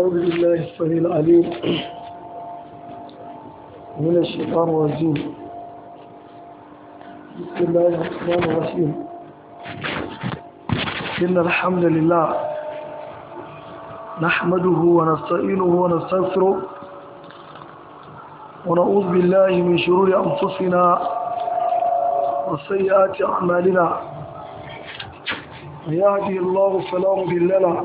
أعوذ بالله السميع العليم من الشيطان الرجيم بسم الله الرحمن الرحيم إن الحمد لله نحمده ونستعينه ونستغفره ونعوذ بالله من شرور أنفسنا وسيئات أعمالنا ويهدي الله فلا مضل له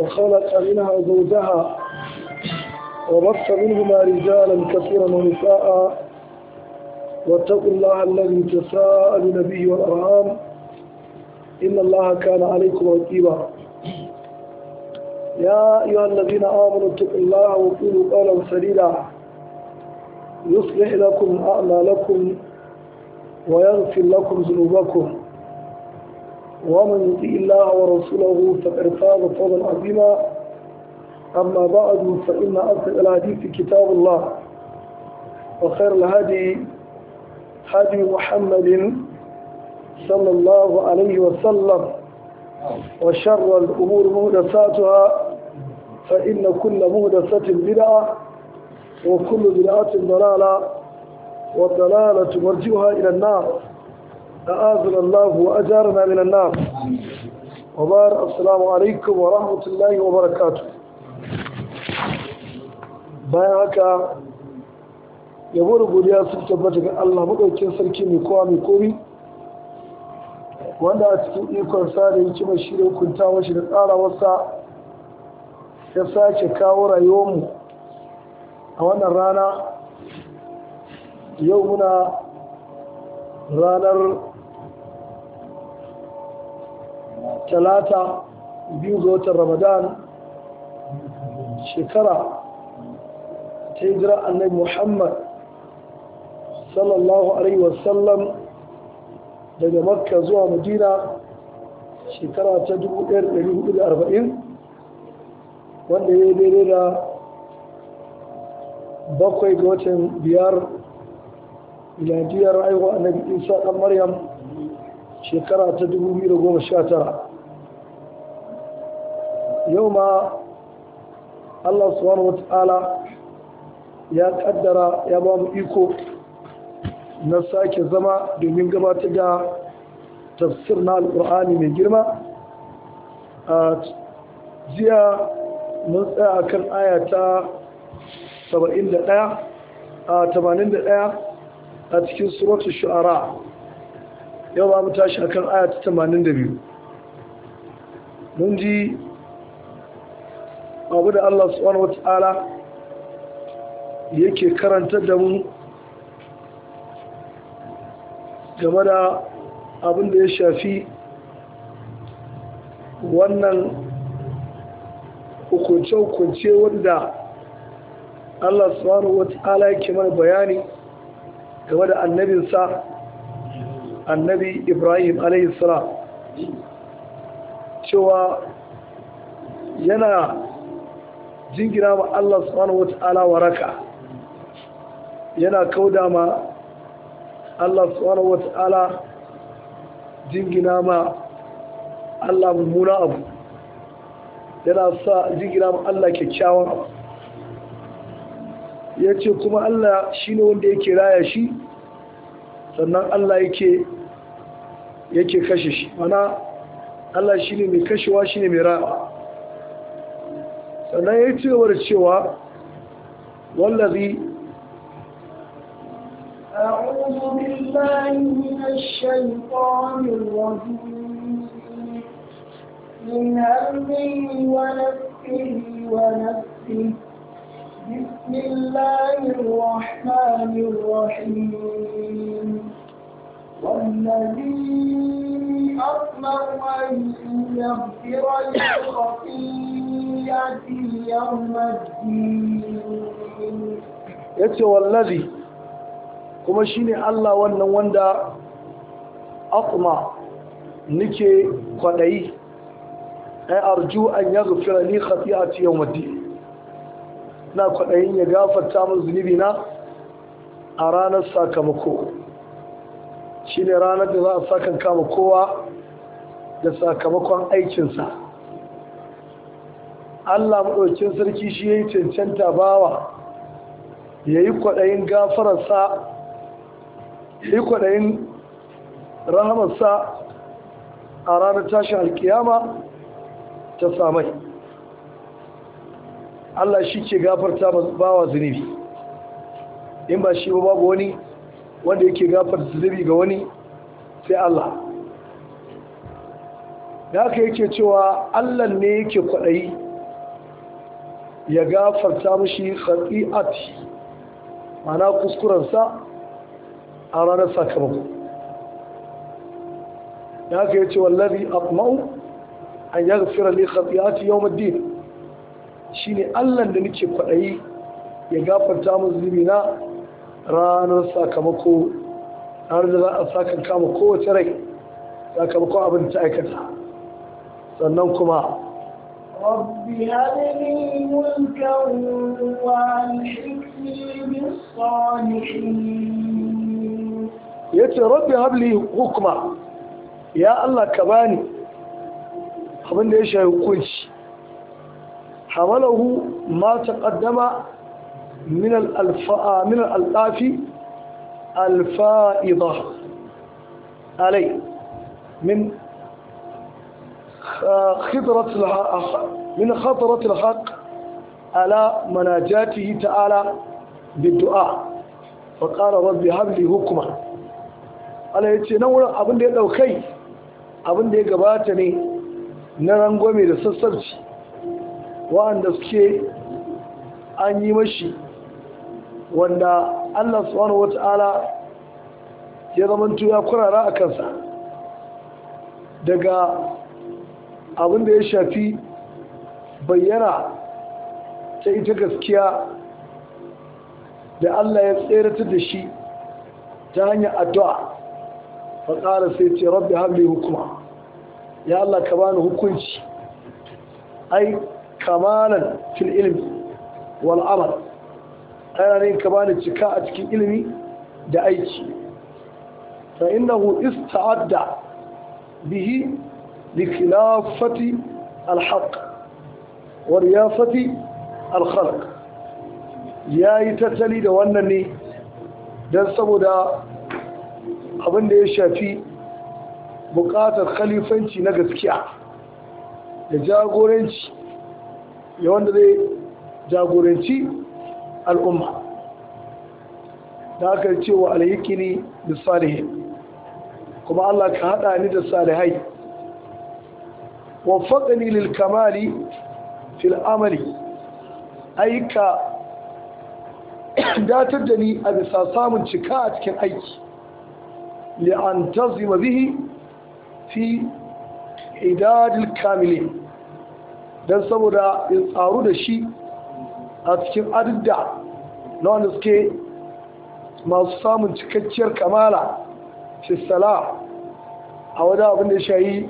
وخلق منها زوجها وبث منهما رجالا كثيرا ونساء واتقوا الله الذي تساءل به والأرهام إن الله كان عليكم رقيبا يا أيها الذين آمنوا اتقوا الله وقولوا قولا سديدا يصلح لكم أعمالكم ويغفر لكم ذنوبكم ومن يطيع الله ورسوله فقد فاز فوزا عظيما أما بعد فإن أصدق الحديث كتاب الله وخير الهدي هدي محمد صلى الله عليه وسلم وشر الأمور مهدساتها فإن كل مهدسة بدعة وكل بدعة ضلالة وضلاله مرجوها إلى النار أعاذنا الله وأجارنا من النار وبار السلام عليكم ورحمة الله وبركاته bayan haka yabo da godiya sun tabbata ga Allah maɗaukin sarki mai kowa mai komi wanda a cikin ikon sa da yake mai shirya hukunta mashi da tsara wasa ya sake kawo rayuwarmu a wannan rana yau muna ranar talata biyu ga watan ramadan shekara ta yi hijira annabi muhammad sallallahu alaihi wasallam daga makka zuwa madina shekara ta 1440 wanda ya yi daidai da bakwai ga watan biyar miladiyar aiwa annabi isa ɗan maryam shekara ta 2019 yau ma Allah subhanahu wata'ala ya kaddara ya ba mu iko na sake zama domin gabatar da tafsir na Alƙur'ani mai girma a jiya mun tsaya a kan aya ta 71 a 81 a cikin surat shu'ara yau ba mu tashi a kan aya ta 82 mun ji abu da Allah subhanahu wata'ala yake karanta da mu game da abin da ya shafi wannan hukunce-hukunce wanda Allah subhanahu wata'ala yake mana bayani game da annabinsa annabi ibrahim alaihissalam cewa yana jingina ma allah subhanahu wata'ala waraka yana kauda ma allah subhanahu wata'ala jingina ma allah mummuna abu yana sa jingina ma allah kyakkyawan abu ya ce kuma allah shi ne wanda yake raya shi sannan Allah yake yake kashe shi mana Allah shi ne mai kashewa shi ne mai ra'a sannan ya ci gaba cewa wallazi بسم الله الرحمن الرحيم والذي أطمع yace wallazi kuma shine Allah wannan wanda aqma nike kwaɗayi ai arju an yaghfira li khati'ati yawmiddin na kwaɗayin ya gafarta min zunubi na a ranar sakamako Shi ne ranar da za a sakan kama kowa da sakamakon aikinsa Allah maɗaukin sarki shi ya yi cancanta bawa ya yi kwaɗayin gafararsa ya yi kwaɗayin rahamarsa a ranar tashin alkiyama ta samai Allah shi ke gafarta bawa zunubi in ba shi ba babu wani wanda yake gafarta zunubi ga wani sai Allah da haka yake cewa Allah ne yake kwaɗayi ya gafarta mashi khati'ati mana kuskurensa a ranar sakamako da haka cewa wallazi atma'u an yaghfira li khati'ati yawm ad-din shine Allah da nake kwaɗayi ya gafarta min zunubi na ranar sakamako har da za a sakan kama kowace rai sakamako abin ta aikata sannan kuma rabbi hadini mulkan wa alhikmi yace rabbi habli hukma ya Allah ka bani abin da ya shafi hukunci hamalahu ma taqaddama من الألف من الألف الفائضة علي من خطرة الحق من خطرة الحق على مناجاته تعالى بالدعاء فقال رب هب لي حكما على يتي نور ابن دي دوكاي ابن دي غباتا نرانغومي da sassarci wa'anda suke an wanda Allah subhanahu wata'ala ya zamanto ya kurara a kansa daga abin da ya shafi bayyana ta ita gaskiya da Allah ya tseratar da shi ta hanyar addu'a faƙara sai ce rabbi hamli hukuma ya Allah ka bani hukunci ai kamalan fil ilmi wal amal ana ka bani cika a cikin ilimi da aiki Ta fa innahu ista'adda bihi لخلافة الحق alhaq wani ya yi tattali da wannan ne don saboda abin da ya shafi buƙatar khalifanci na gaskiya da jagoranci ya wanda zai jagoranci al'umma da aka ce wa alayyikini da salihin kuma Allah ka haɗa ni da salihai wafaƙani ni kamali fil amali aika datar da ni a bisa samun cika a cikin aiki li'an tazima bihi fi idadil kamilin don saboda in tsaru da shi a cikin adidda na wanda suke masu samun cikakkiyar kamala fi sala a wajen abin da shayi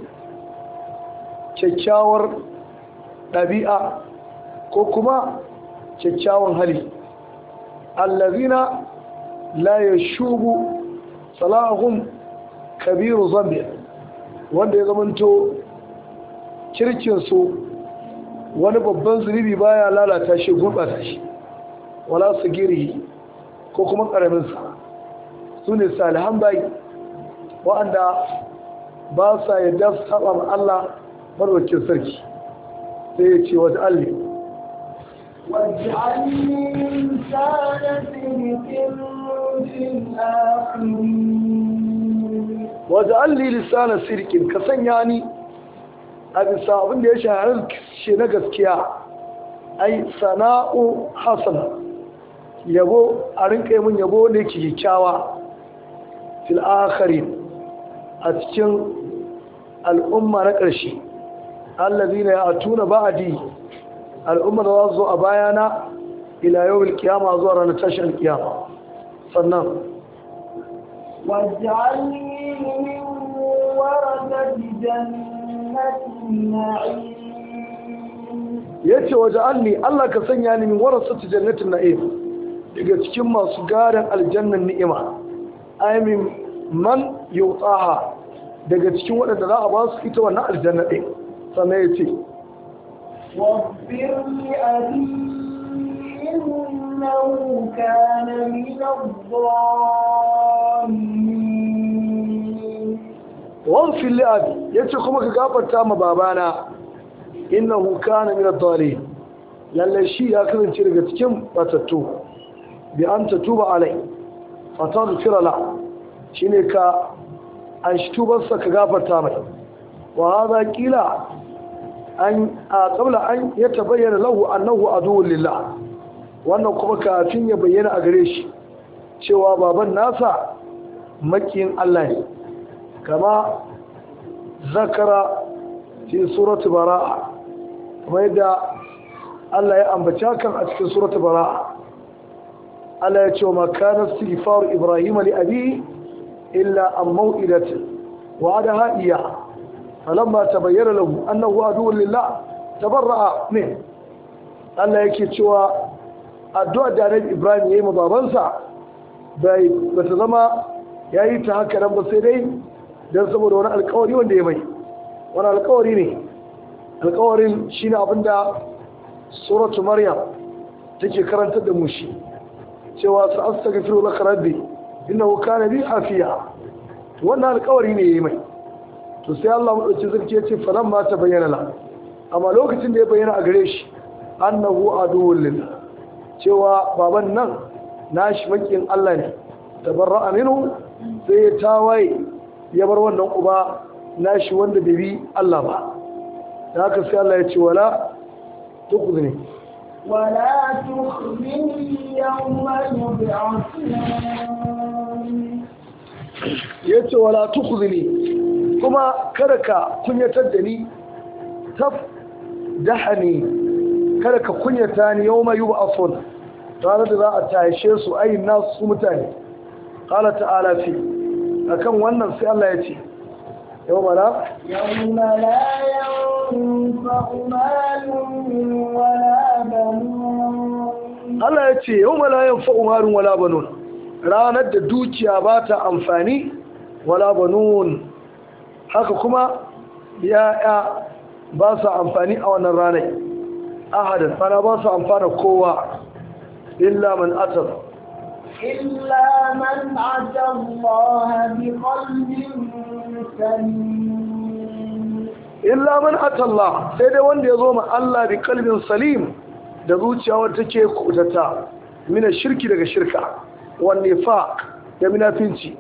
kyakkyawar ɗabi'a ko kuma kyakkyawan hali allazina la ya shubu Salahun kabiru Zambia wanda ya zamanto kirkinsu wani babban zunubi baya lalata shi gurɓata shi wala su giri ko kuma ƙaraminsa su ne salihan bai wa'anda ba sa yadda saba ma Allah marwakin sarki sai ya ce wata alli wata alli lissanin sirkin ka sanya ni أبي صابن ليش عرق شنقص كيا أي صناء حسن يبو أرنك من يبو نكي كاوا في الآخرين أتشن الأمة نكرشي الذين يأتون بعدي الأمة نوازو أبايانا إلى يوم القيامة أزور أن تشع القيامة صنع واجعلني من ورد جنة ya ce waje alli Allah ka sanya ni min warasatu jannatin na'im daga cikin masu gadon aljannan ni'ima aimin man man tsaha, daga cikin waɗanda za a ba su ita wannan aljanna ɗin sannan ya ce إنه كان waghfir li abi ce kuma ka gafarta ma babana innahu kana na ad-dhalin Lallai shi ya kasance daga cikin batattu bi an tuba alai fataghfir Shi ne ka an shi tubarsa ka gafarta mai wa haza kila, a qabla an ta bayyana lahu annahu aduwwun lillah wannan kuma kafin ya bayyana a gare shi cewa baban nasa makin Allah ne kama zakara fi suratu bara'a kuma yadda Allah ya ambaci hakan a cikin suratu bara'a Allah ya ce wa makanar sigifaru Ibrahim li abi illa an mau'idatin wa adaha iya falamma tabayyana lahu annahu aduwwun lillah tabarra'a min Allah yake cewa addu'a da Annabi Ibrahim ya yayi ma babansa bai bata zama yayi ta haka nan ba sai dai don saboda wani alkawari wanda ya mai wani alkawari ne alkawarin shi ne abinda suratu maryam take karantar da mushi. cewa su an saka firo na karabe inda wuka na biyu hafiya wannan alkawari ne ya yi mai to sai Allah maɗauki zarki ya ce faran ma ta bayyana la amma lokacin da ya bayyana a gare shi annahu a lillah cewa baban nan nashi makin Allah ne tabarra Aminu sai ya tawaye ya bar wannan uba nashi wanda bai bi Allah ba da haka sai Allah ya ce wala tukhzini wala tukhzini yawma yub'athun yace wala tukhzini kuma kada ka kunyatar da ni taf dahani kada ka kunyata ni yawma yub'athun ranar da za a tashe su ayin nasu mutane قال تعالى fi akan wannan sai Allah ya ce yau mala Allah ya ce yawma la fa'u malun wala nun. ranar da dukiya ba ta amfani wala nun. haka kuma ya'ya ba su amfani a wannan ranar ahadin ana ba su amfana kowa illa man atar إلا من أتى الله بقلب سليم إلا من أتى الله سيدي وندي يزوم الله بقلب سليم da zuciya wata ke kudata mina shirki daga shirka wanne fa da minafinci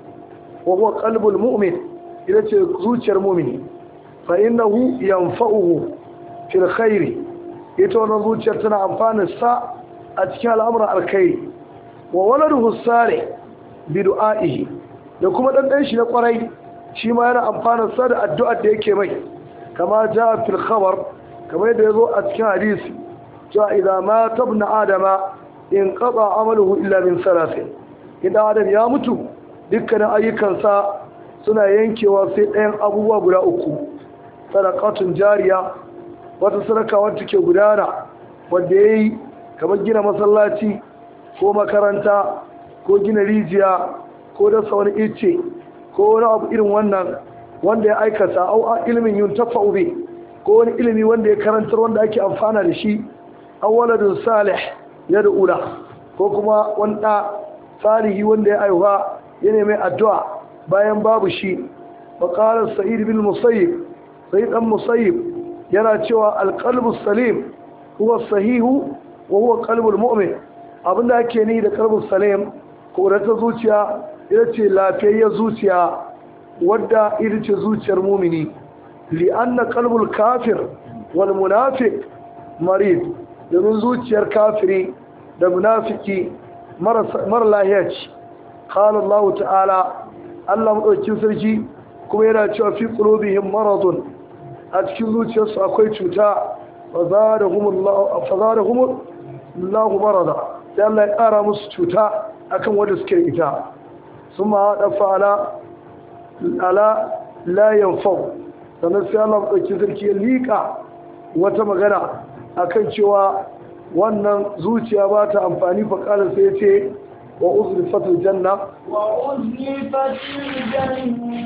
wa huwa qalbul mu'min ce zuciyar mu'mini fa innahu yanfa'uhu fil khairi ita wannan zuciyar tana amfanin sa a cikin al'amuran alkhairi wa waladuhu salih bi du'a'ihi da kuma ɗanɗan shi na ƙwarai shi ma yana amfana sa da addu'ar da yake mai kama ja a kamar yadda ya zo a cikin hadisi a idan ma na adama in ƙaba amaluhu illa min salasin idan adam ya mutu dukkanin ayyukansa suna yankewa sai ɗayan abubuwa guda uku sadakatun jariya wata sadaka wacce ke gudana wanda yi kamar gina masallaci ko makaranta ko gina rijiya ko dasa wani ice ko wani abu irin wannan wanda ya aikata au a ilimin yun tafa ube ko wani ilimi wanda ya karantar wanda ake amfana da shi au waladun salih ya da ula ko kuma wani ɗa salihi wanda ya aihuwa ya nemi addu'a bayan babu shi maƙalar sa'id bin musayyib sai dan musayyib yana cewa alqalbu salim huwa sahihu wa huwa qalbul mu'min da ake ni da ko da korata zuciya ita ce lafiyayyar zuciya wadda ita ce zuciyar mumini li'anna kalbul kafir wal munafik marid domin zuciyar kafiri da munafiki mara lahiya ce ta'ala Allah madaukakin sarki kuma yana cewa fi qulubihim maradun a cikin zuciyarsu akwai cuta fa zadahum Allah fa zadahum marada sai Allah ya ƙara musu cuta akan wanda suke ita sun ma haɗa fa'ala ala layan fau sannan sai Allah ɗauki sarki ya liƙa wata magana a kan cewa wannan zuciya ba ta amfani faƙalar sai ce wa uzuri fatul janna wa uzuri fatul janna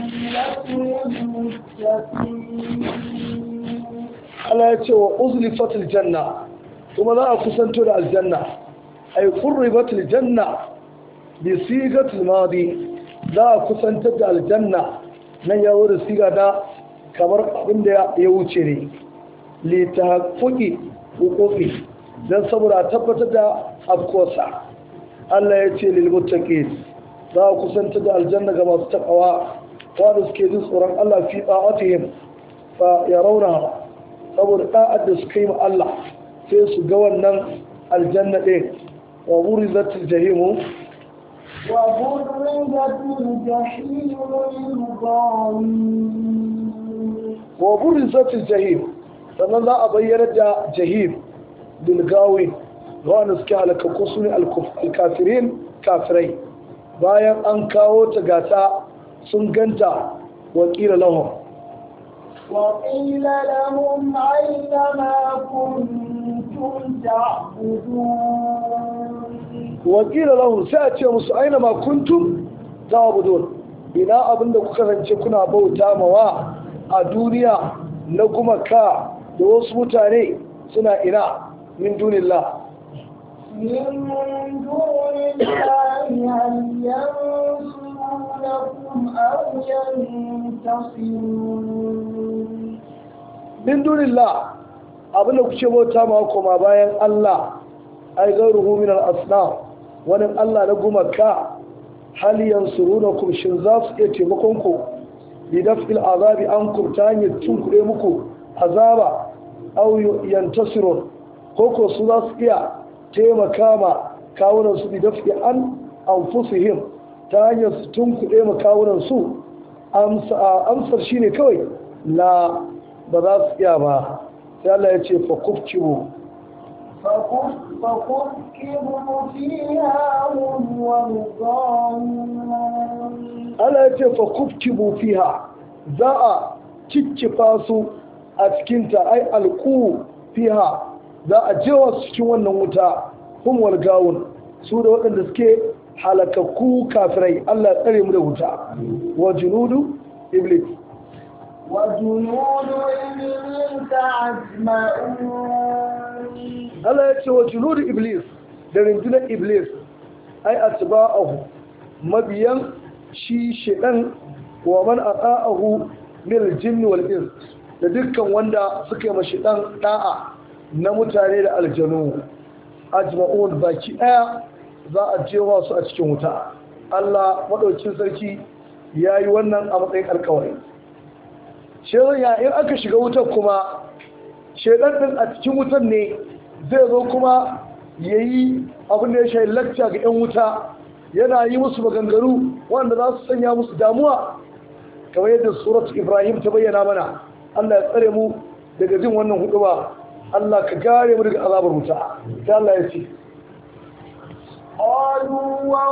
Allah ya ce wa uzuri fatul janna kuma za a kusanto da aljanna ay qurribat aljanna bi sigat almadi za kusantar da aljanna nan ya wurin siga da kamar abin da ya wuce ne li tahaqquqi huquqi dan saboda tabbatar da afkosa Allah ya ce lil muttaqin za a kusantar da aljanna ga masu takawa wanda suke jin tsoron Allah fi ta'atihim fa yarawna saboda da'ad da suka yi ma Allah sai su ga wannan aljanna ɗin وبرزت الجحيم وبرزت الجحيم للغاوين وبرزت الجحيم سنذا أبير جحيم للغاوين غانسك على كقصون الكافرين كافرين bayan an kawo ta gata sun ganta waƙila lahun waƙila lahun aina ma kuntun ta abubuwan wakila lahum sai a ce musu aina ma kuntum ta'budun ina abin da kuka zance kuna bauta mawa a duniya na gumaka da wasu mutane suna ina min dunilla min dunilla abinda abin da kuke bauta ma koma bayan Allah ai gairuhu min al-asnam wani Allah na gumaka hal yansurunakum shin za su iya taimakon ku bi daf'il azabi ankum ta hanyar tunkuɗe muku azaba aw yantasirun ko ko su za su iya taimaka ma kawunan su bi daf'i an anfusihim ta hanyar su tun tunkuɗe ma kawunan su amsar shine kawai la ba za su iya ba sai Allah ya ce fa kufcibu Fakubki Allah ya ce fakubki buhu fiha za a cicci su a cikinta ai alƙuwun fiha, za a je wa su cikin wannan wuta, kuma walgawun. Su da waɗanda suke halakakku kafin aiki, Allah ya ɗan mu da wuta. Wajen nudu, Iblis. Wajen nudu Allah ya ce wa junudu iblis da rundunar iblis ai atba'ahu mabiyan shi shedan wa man ata'ahu min jinn wal ins da dukkan wanda suka yi ma shiɗan ɗa'a na mutane da aljanu ajma'un baki ɗaya za a je wa su a cikin wuta Allah madaukin sarki yayi wannan a matsayin alkawari shi ya in aka shiga wutar kuma shaidan din a cikin wutan ne zai zo kuma ya yi abin da ya shayi lacca ga 'yan wuta yana yi musu maganganu wanda za su sanya musu damuwa kamar yadda surat ibrahim ta bayyana mana allah ya tsare mu daga jin wannan hudu ba allah ka gare mu daga azabar wuta ta allah ya ce Allah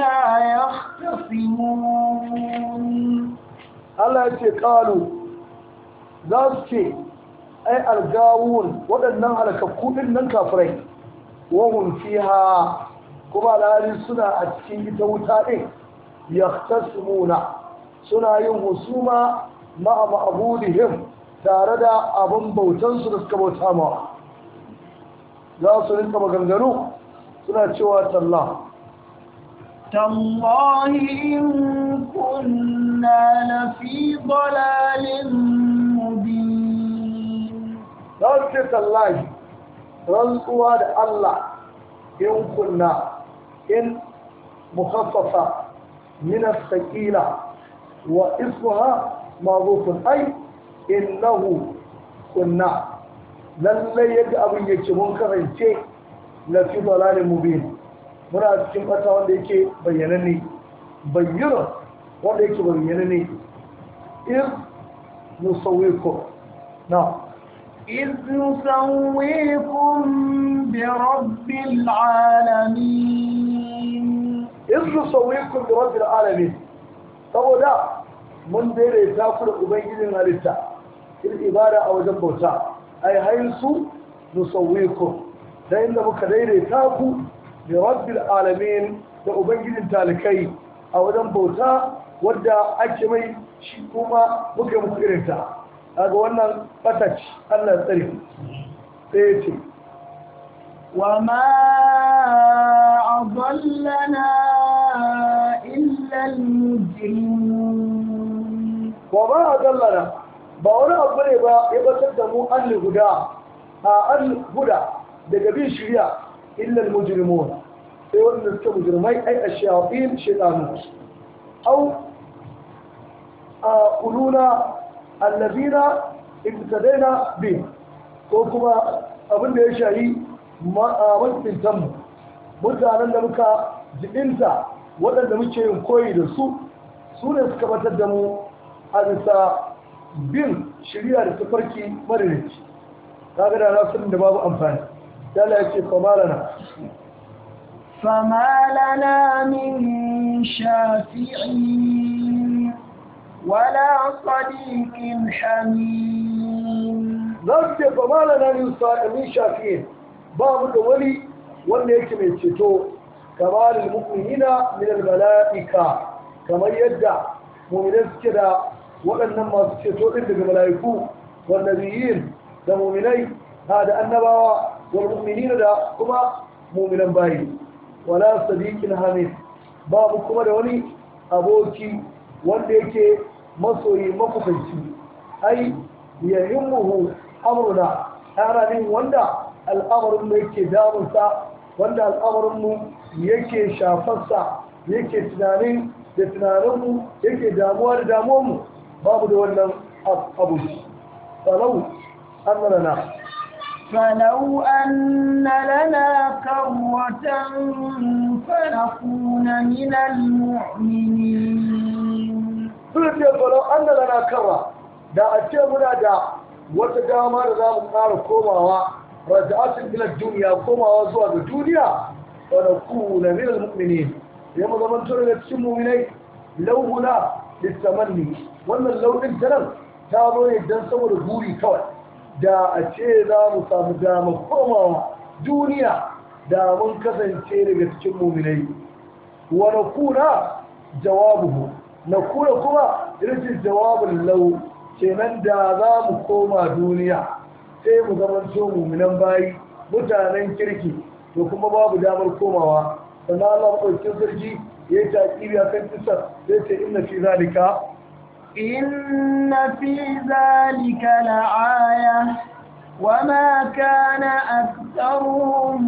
ya ce, يختصمون za su ce, ai algawun waɗannan halakakku ɗin nan kafirai wahun fiha kuma alhali suna a cikin ita wuta ɗin yahtasmuna suna yin husuma ma'a ma'budihim tare da abin bautansu da suka bauta ma za su rinka maganganu suna cewa tallah تالله إن كنا لفي ضلال ce tallahi rantsuwa da Allah in kunna in muhaffafa min as-saqila wa ismuha ma'rufun ay innahu kunna lallai yadda abin yake mun karance la fi dalalin mubin muna cikin bata wanda yake ne bayyana wanda yake ne ir nusawwikum na إذ نسويكم برب العالمين إذ نسويكم برب العالمين saboda mun daidaita ku da ubangijin halitta fil ibada a wajen bauta ai haisu nusawwikum da inda muka daidaita ku bi rabbil alamin da ubangijin talikai a wajen bauta wadda ake mai shi kuma muka muku irinta Daga wannan bataci Allah tsari sai ya ce wa ma adallana illa al-mujrimun wa ma adallana ba wani abu ne ba ya batar da mu an guda a an guda daga bin shirya illa al-mujrimun sai wanda suka mujrimai ai ashiyatin shaytanu au a kuluna allazina ibtadaina bi ko kuma abin da ya shayi Mu mutanen da muka jibinta waɗanda muke yin koyi da su su ne suka batar da mu a bisa bin shirya da tafarki maririci kaga da na sun da babu amfani dala ya ce famalana famalana min shafi'i wala sadiqin hamim za su ce ba mala na min shafi'in da wani wanda yake mai ceto kamar al-mu'minina min al-mala'ika kamar yadda mu'minai suke da waɗannan masu ceto ɗin daga mala'iku والنبيين da muminai da annabawa wal mu'minina da kuma muminan bayi wala sadiqin hamid babu kuma da wani aboki wanda yake masoyi makusanci ai ya yummuhu amruna tsaranin wanda al'amarin mu yake damunsa wanda al'amarin mu yake shafarsa yake tunanin da tunanin mu yake damuwa da damuwar mu babu da wannan abu falau an lana فلو أن لنا كرة فنكون من المؤمنين sun ce falau an da lana kawa da a ce muna da wata dama da za mu ƙara komawa raja'atin ila duniya komawa zuwa ga duniya ku na min almu'minin ya mu zaman tore da cikin mu'minai lauhuna litamanni wannan launin ta nan ta zo ne dan saboda buri kawai da a ce za mu samu dama komawa duniya da mun kasance daga cikin mu'minai na, jawabu jawabuhu na kura kuma irin jawabin lau kenan da za mu koma duniya sai mu zamanto muminan bayi mutanen kirki to kuma babu damar komawa sannan Allah maɗaukin sarki ya yi taƙiri a kan kisa sai ce inna fi zalika inna fi zalika la'aya wa ma kana aktsaruhum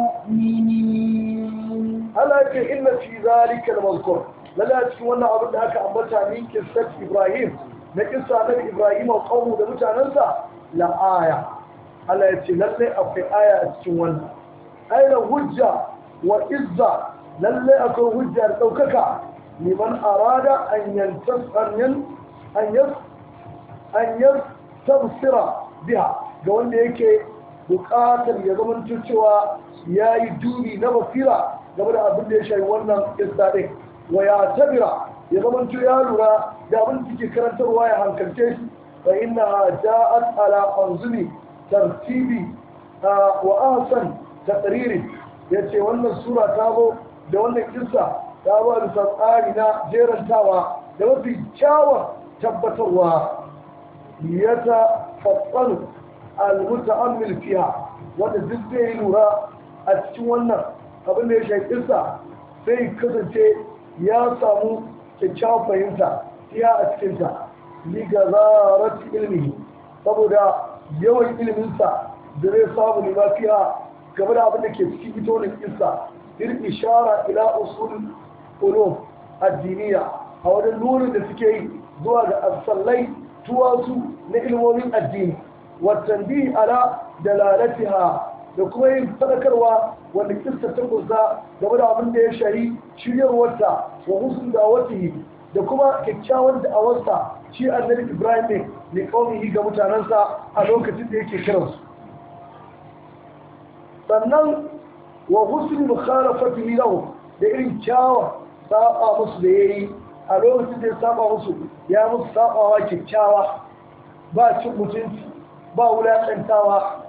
mu'minin Allah ce inna fi zalika da mazkur lalle cikin wannan abin da aka ambata min kissat ibrahim na kissa na ibrahim a qawmu da mutanensa la aya Allah ya ce lalle akwai aya a cikin wannan aina hujja wa izza lalle akwai hujja da daukaka liman arada an yantas an biha ga wanda yake buƙatar ya zama cewa ya yi dubi na basira game da abin da ya shayi wannan kissa ɗin wa ya tabira ya to ya lura da abin da suke karantarwa ya hankalce shi fa inna ja'at ala anzumi tartibi wa ahsan taqriri yace wannan sura ta zo da wannan kissa ta ba da tsari na jerantawa da mafi kyawar tabbatarwa ya ta fatsanu al-muta'ammil fiha wanda duk zai lura a cikin wannan abin da ya shaƙi sai kasance ya samu kyakkyawan fahimta iya a cikinta ligazarar ilmi saboda yawan ilminsa da zai samu limafiya game da abin da ke cikin ito da kinsa irin ishara ila usul ulum addiniya a wajen nunin da suke yi zuwa ga asallai tuwasu na ilmomin addini wa bi ala dalalatiha da kuma yin sadakarwa wanda kista ta kusa game da abin da ya shari shiryarwarta wa husn yi. da kuma kyakkyawan da wasta shi annabi Ibrahim ne ne yi ga mutanensa a lokacin da yake kiransu sannan wa husn mukhalafatihi lahu da irin kyawa saba musu da yayi a lokacin da ya saba musu ya musu sabawa kyakkyawa ba cin mutunci ba wulaƙantawa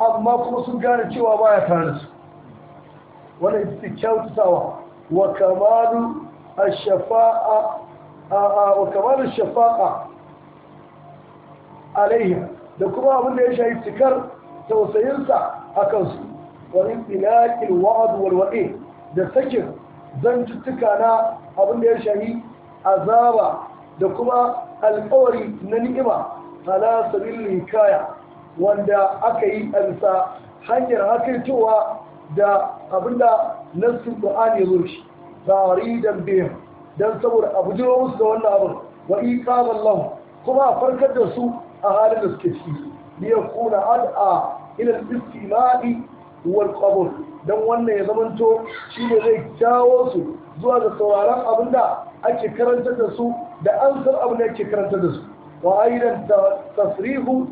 amma kuma sun gane cewa baya tare da su wannan ita ce kyautatawa wa kamalu ash-shafa'a wa kamalu shafa'a alaihi da kuma abin da ya shayi cikar tausayinsa a kansu Wani intilaqil wa'd wal wa'i da sakin zan zantuttuka na abin da ya shayi azaba da kuma alƙawari na ni'ima ala sabilin hikaya wanda aka yi alsa hanyar hakirtowa da abinda nassin Qur'ani ya zo shi da biyan. Don saboda abu jiro musu da wannan abin wa iqaman lahu kuma a farkar da su a halin da suke ciki li kuna ad'a ila al-istimai wal qabul dan wannan ya zamanto shine zai jawo su zuwa ga sauraron abinda ake karantar da su da ansar abin da ake karanta da su wa aidan tasrihu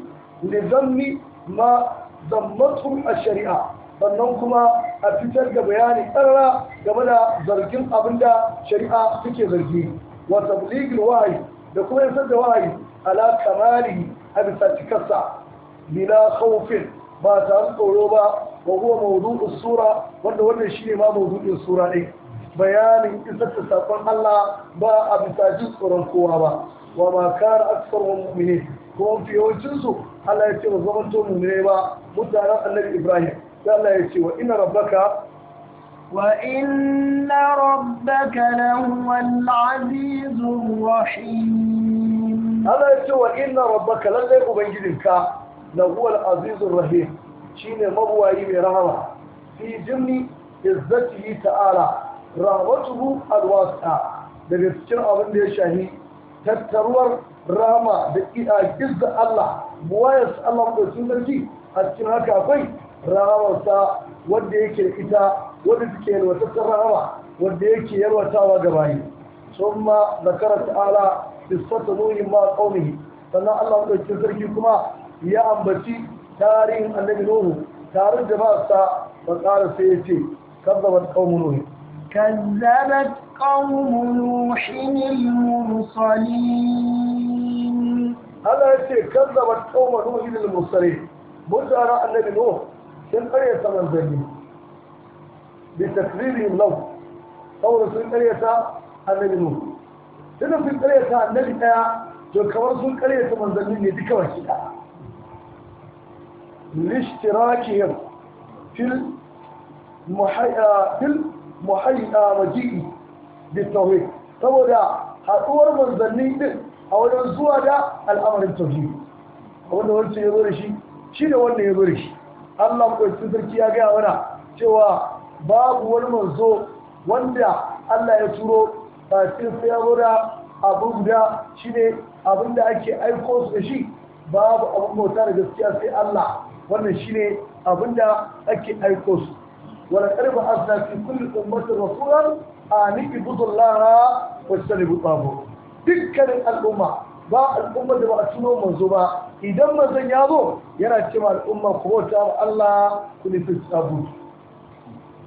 lizanni ma zammatu a shari'a sannan kuma a fitar da bayani tsarra game da zargin abin da shari'a suke zargi wa tabligil wahayi da kuma yasar da wahayi ala kamali a bisa cikarsa bila khawfin ba ta tsoro ba wa huwa mawdu'u sura wanda wannan shine ma mawdu'in sura ne. bayanin isar da sakon Allah ba a bisa jin tsoron kowa ba wa ma kana aksarun mu'minin ko fiyocinsu Allah ya ce ba zaman to mummune ba mutanen annabi Ibrahim sai Allah ya ce wa inna rabbaka wa inna rabbaka lahuwal azizur rahim Allah ya ce wa inna rabbaka lalle ubangijinka lahuwal azizur rahim shine mabuwayi mai rahama fi jinni izzatihi ta'ala rahmatuhu alwasa daga cikin abin da ya shahi tattaruwar rama da iya gizda Allah buwayar Allah da sun sarki a cikin haka akwai rahamarsa wanda yake ita wanda take yalwatattar rahama wanda yake yalwatawa ga bayi sun ma zakara ta'ala bisfata nuhin ma kaunihi sannan Allah da cikin sarki kuma ya ambaci tarihin annabi Nuhu tare da ba sa fa sai ya ce kazzabat qaumun nuhi kazzabat قوم نوح المرسلين هذا الشيء كذبت قوم نوح المرسلين مجد أراء النبي نوح كان أرية من ذلك بتكريرهم له قول رسول أرية النبي نوح هنا في أرية النبي جو كما رسول أرية من ذلك يدك وشيئا لاشتراكهم في المحيئة في المحيئة مجيئة bitawai saboda haɗuwar manzanni din a wajen zuwa da al'amarin tauhid wanda wancan ya zo da shi shi da wanda ya zo da shi Allah maɗauki sarki ya gaya mana cewa babu wani manzo wanda Allah ya turo sai sai ya zo da abu guda abin da ake aiko su da shi babu abin bauta da gaskiya sai Allah wannan shine abin da ake aiko su wala qarba asna fi kulli ummatin rasulan ani ibudullaha wastanibu tabu dukkanin al'umma ba al'umma da ba a tuno manzo ba idan manzon ya zo yana cewa al'umma ku bauta wa Allah ku nufi tabu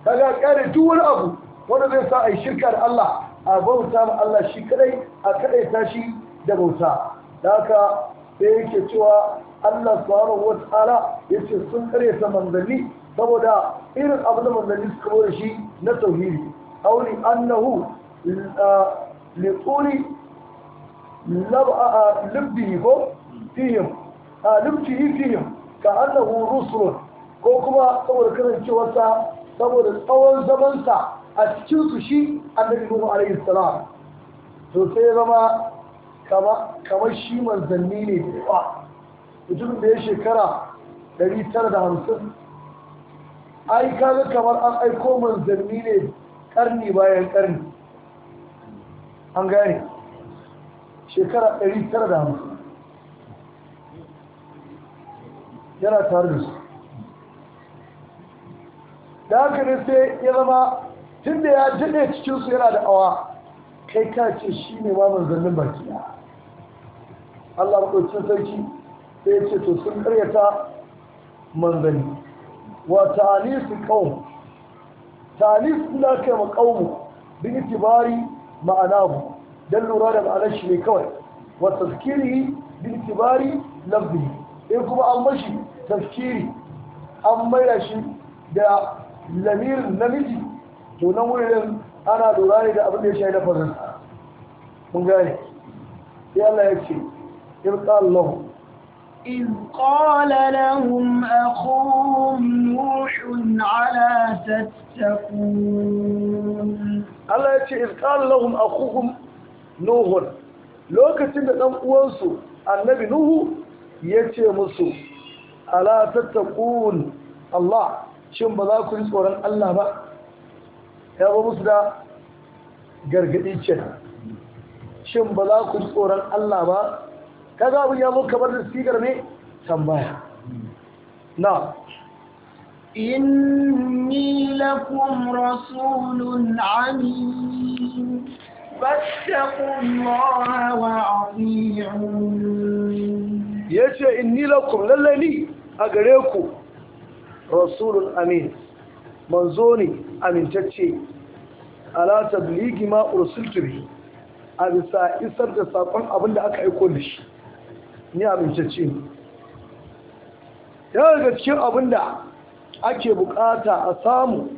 kaga kare duk wani abu wanda zai sa a yi shirka da Allah a bauta ma Allah shi kadai a kadai tashi da bauta da haka sai yake cewa Allah subhanahu wataala yace sun kare ta manzanni saboda irin abu da manzanni suka da shi na tauhidi أو لأنه لطول لبه فيهم لبته فيهم كأنه رسل كوكما أول كرن شوسا saboda tsawon zamansa a cikinsu shi annabi Nuhu alaihi salam to sai zama kamar shi manzanni ne ba mutumin da ya shekara 950 ai kaga kamar an aiko manzanni ne ƙarni bayan ƙarni an gane shekara 950 yana tare da su da haka ne sai ya zama tun da ya daɗe cikinsu yana da awa kai ka ce shi ne ma manzannin baki Allah maɗaukin sarki sai ya ce to sun karyata manzanni wata alisu kawai talif suna kai ma qaumu bi itibari ma'anahu dan lura da ma'anar shi ne kawai wa tafkiri bi itibari lafzihi in kuma an mashi tafkiri. an maida shi da lamirin namiji to nan wurin ana lura ne da abin da ya shaida fasin mun gane sai Allah ya ce in qala إذ قال لهم أخوهم نوح على تتقون الله يتي إذ قال لهم أخوهم نوح لو كتن أم أنسو النبي نوح يتي مسو على تتقون الله شن بذاكو يسورا الله بقى يا أبو مصدى gargaɗi ce shin ba za ku tsoron Allah ba kaga abin ya zo kamar da sigar ne tambaya na inni lakum rasulun amin فاتقوا الله وأطيعون yace inni lakum lalle lallani a gare ku rasulun amin manzo ne amintacce ala biligi ma ursiltu bi a bisa isar da sakon abin da aka aiko da shi ni abincacce yana daga cikin abin da ake bukata a samu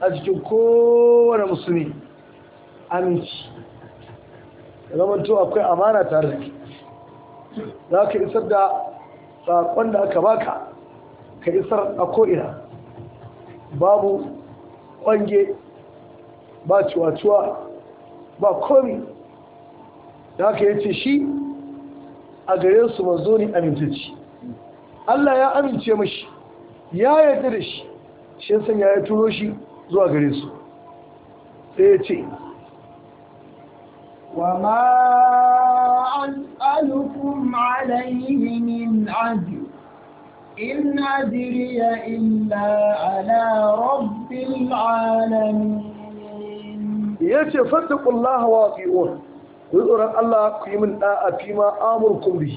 a cikin kowane musulmi aminci da to akwai amana tare da ke. za ka isar da saƙon da aka baka ka isar a ko'ina babu ƙwange ba cuwa-cuwa ba komi da aka yace shi a gare su mazo ne amintacci Allah ya amince mashi ya yarda da shi shi san ya turo shi zuwa gare su sai ya ce wa ma as'alukum alayhi min ajr in ajri illa ala rabbil alamin yace fattaqullaha wa ati'un ku Allah ku yi min da'a fi ma amurkum bi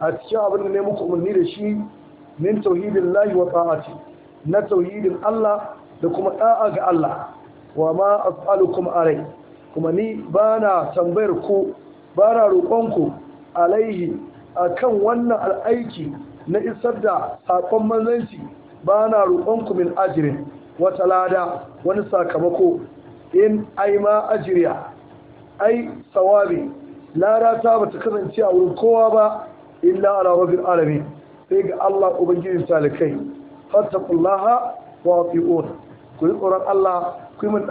a cikin abin da ne muku umarni da shi min tauhidin lahi wa ta'ati na tauhidin Allah da kuma ɗa'a ga Allah wa ma as'alukum alai kuma ni ba na tambayar ku ba bana roƙon ku a kan wannan al'aiki na isar da saƙon manzanci ba na roƙonku min ajirin wata lada wani sakamako in aima ajiriya ai sawabi lada ta bata kasance a wurin kowa ba illa ala rabbil alamin sai ga Allah ubangiji salikai fattaqullaha wa ati'un ku yi tsoron Allah ku yi min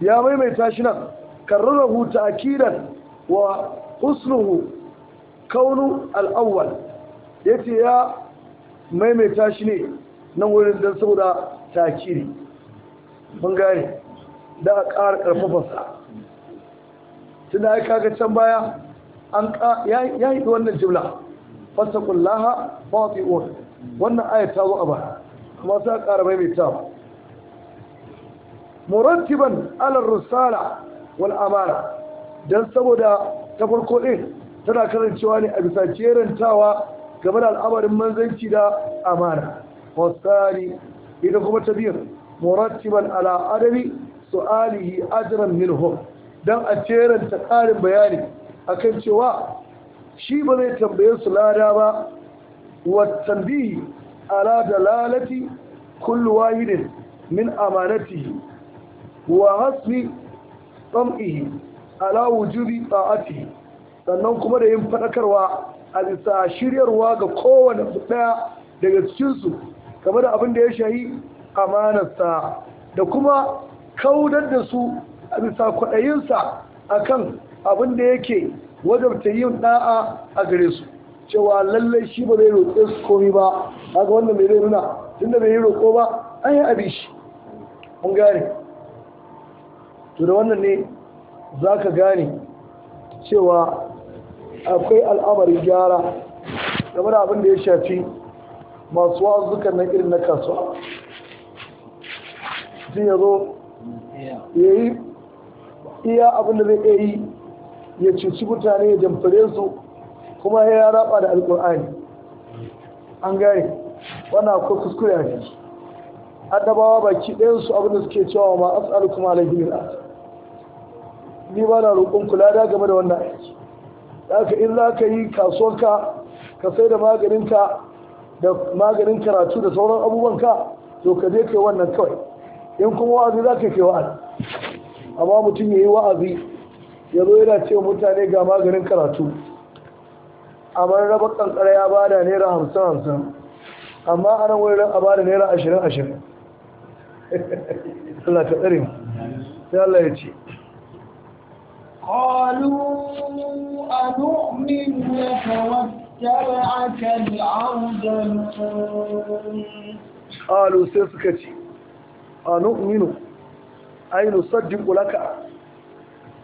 ya maimaita shi nan karrarahu ta'kidan wa husnuhu kaunu al-awwal yace ya maimaita shi ne nan wurin dan saboda takiri mun gane da a ƙara ƙarfafa tunda ya kaga can baya an ya yi wannan jimla fasakullaha uwar wannan aya ta zo a ba kuma sai ƙara mai mai tawa murattiban ala rusala wal amara dan saboda ta farko din tana karancewa ne a bisa jerantawa game da al'amarin manzanci da amana wasani ita kuma ta biyar murattiban ala adabi su'alihi ajran minhum don a ceranta ƙarin bayani akan cewa shi ba zai tambaye su lada ba watan bi ala da dalalati kullu wahidin min amanati wa hasbi tsam'ihi ala wujubi ta'atihi sannan kuma da yin faɗakarwa a bisa shiryarwa ga kowane ɗaya daga cikinsu game da abin da ya shahi amanarsa da kuma kaudar da su a bisa kwaɗayinsa a kan abin da yake wajabta yin ɗa'a a gare su cewa lallai shi ba zai roƙe su komi ba haka wannan bai zai nuna tun da bai yi roƙo ba an yi abi shi mun gane to da wannan ne za ka gane cewa akwai al'amarin gyara game da abin da ya shafi masu wazukan na irin na kasuwa zai ya zo ya yi iya abin da zai iya yi ya cuci mutane ya jamfare su kuma ya raba da alkur'ani an gane wannan akwai kuskure a ciki ba baki ɗayan su abin da suke cewa ma kuma alaihi min ni ba na roƙon kula da game da wannan aiki ka in za ka yi kasuwanka ka sai da maganinka da maganin karatu da sauran abubuwanka to ka je ka yi wannan kawai in kuma wa'azi za ka kai wa'azi amma mutum ya yi wa'azi ya zo yana cewa mutane ga maganin karatu amma raba kankara ya ba da naira hamsin hamsin amma a nan wurin a da naira ashirin ashirin Allah ta tsare mu sai Allah ya ce قالوا أنؤمن لك واتبعك الأرذلون قالوا سيسكتي أنؤمن ainihin nusaddiqu ƙulaka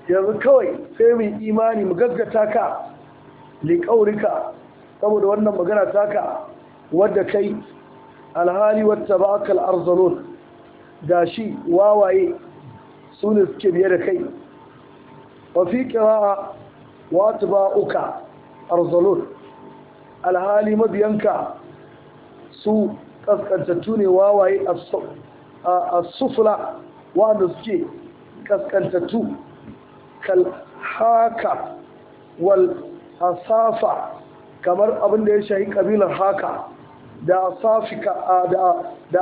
yanzu kawai sai mai imani mu gaggata ka liƙaurika saboda wannan magana taka wadda kai alhali wata ba'akal da shi wawaye su ne suke biye da kai wafi kira'a wata ba'uka arzalon alhali mabiyanka su ƙasƙantattu ne wawaye a sufula wanda suke kaskantattu kal haka wal asafa kamar abin da ya shahi kabilar haka da asafika da da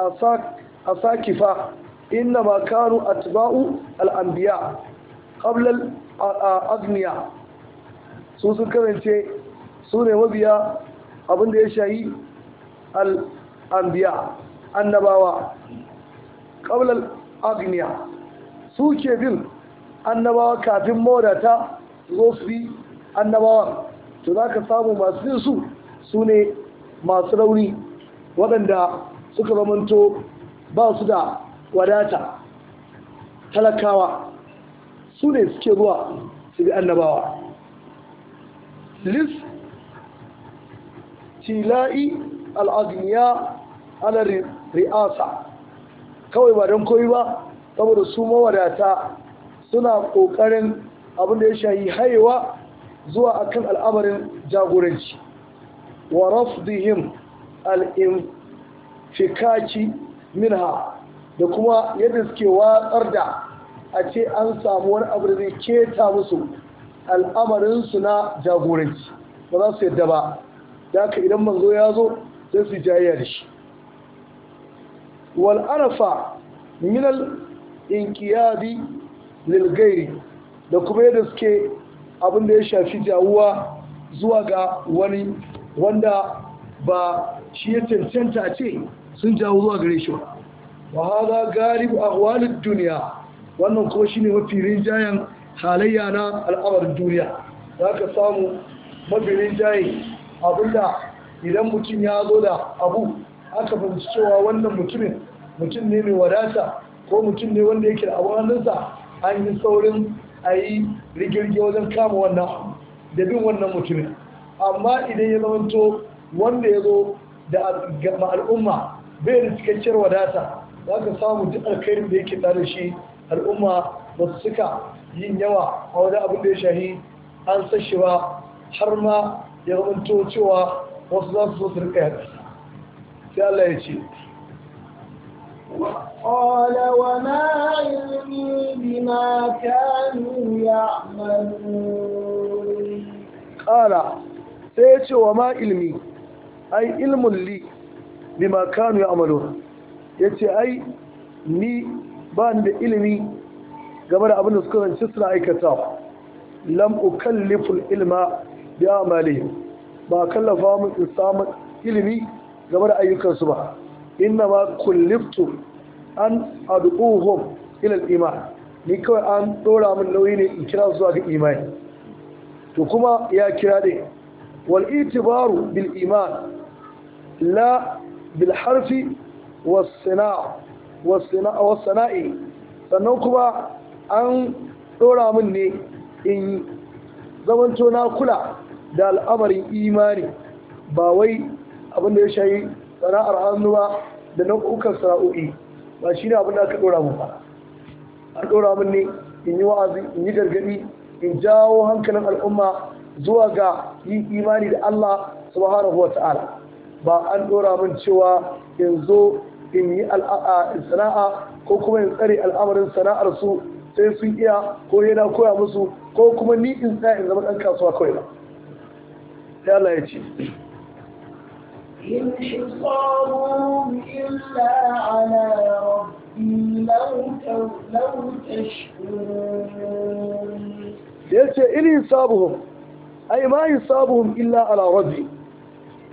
asakifa inna ma kanu atba'u al-anbiya qabla agniya su sun karance su ne mabiya abin da ya shahi al-anbiya annabawa qabla agniya su ke bin annabawa kafin mawadata zo su annabawa to za ka samu masu yin su su ne masu rauni waɗanda suka zamanto ba su da wadata talakawa su ne suke zuwa su bi annabawa lis tila'i al'agniya ala ri'asa kawai ba don koyi ba saboda su mawadata suna kokarin abin da ya shahi haiwa zuwa akan al'amarin jagoranci wa rafdihim al Fikaci minha da kuma yadda suke watsar da a ce an samu wani abu da zai keta musu al'amarinsu na jagoranci ba za su yadda ba da aka idan manzo ya zo sai su jayayya da shi wal'arafa minal inkiyadi lilgairi da kuma yadda suke abin ya shafi jawuwa zuwa ga wani wanda ba shi ya cancanta ce sun jawo zuwa gare shi ba wa haza galib ahwalid duniya wannan kuma shine mafi rinjayen halayya na al'amarin duniya za ka samu mafi rinjaye abinda idan mutum ya zo da abu aka fahimci cewa wannan mutumin mutum ne mai wadata ko mutum ne wanda yake da abin hannunsa an yi saurin a yi rigirge wajen kama wannan da bin wannan mutumin amma idan ya zamanto wanda ya zo da al'umma bai da cikakkiyar wadata za ka samu duk alkhairin da yake tare shi al'umma ba su suka yin yawa a wani abin da ya shahi an sashi ba har ma ya zamanto cewa wasu za su zo su riƙa yadda sai Allah ya ce قال وما علمي بما كانوا يعملون قال سيتي وما علمي أي علم لي ya كانوا ya yace ai ni ba ni da ilimi game da abin da suka zance suna aikata lam ukalliful ilma ya amali ba kallafa min in samu ilimi game da ayyukansu ba inna ma kulliftu an ad'uhum ila al-iman ni kawai an dora min nauyi ne in kira zuwa ga imani to kuma ya kira din wal itibaru bil iman la bil harfi was was was sana'i sannan kuma an dora min ne in zamanto na kula da al'amarin imani ba wai abin da ya shayi sana'ar hannuwa da nau'ukan sana'o'i ba shi ne abin da aka ɗora mu ba an ɗora min ne in yi wa'azi in yi gargaɗi in jawo hankalin al'umma zuwa ga yi imani da Allah subhanahu wa ta'ala ba an ɗora min cewa in zo in yi sana'a ko kuma in tsare al'amarin sana'ar su sai sun iya ko yana koya musu ko kuma ni in tsaya in zama ɗan kasuwa kawai ba. Allah ya ce. yace in hisabuhum ai ma hisabuhum illa ala rabbi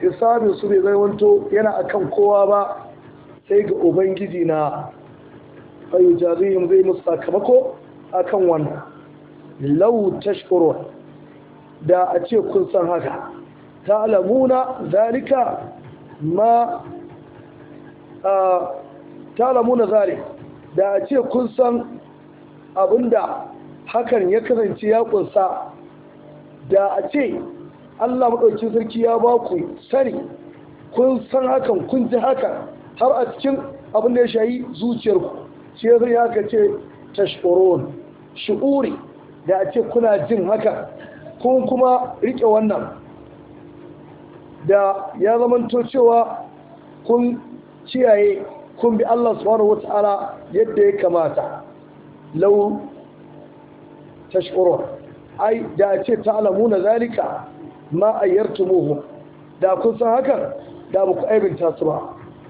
hisabin su bai zaiwanto yana akan kowa ba sai ga ubangiji na ayu jazihim zai musu sakamako akan wannan lau tashkurun da a ce kun san haka Ta ta'lamuna zalika ma talamu na zare da a ce kun san abinda hakan ya kasance ya kunsa da a ce Allah maɗauki sarki ya ba ku sani kun san hakan kun ji hakan har a cikin abin da ya shayi zuciyarku ce zai haka ce tashkoron shi'uri da a ce kuna jin haka kun kuma riƙe wannan da ya zamanto cewa kun ciyaye kun bi Allah subhanahu wata'ala yadda ya kamata lau tashkurun ai da ce na zalika ma ayyartumuhu da kun san hakan da ba ku aibinta su ba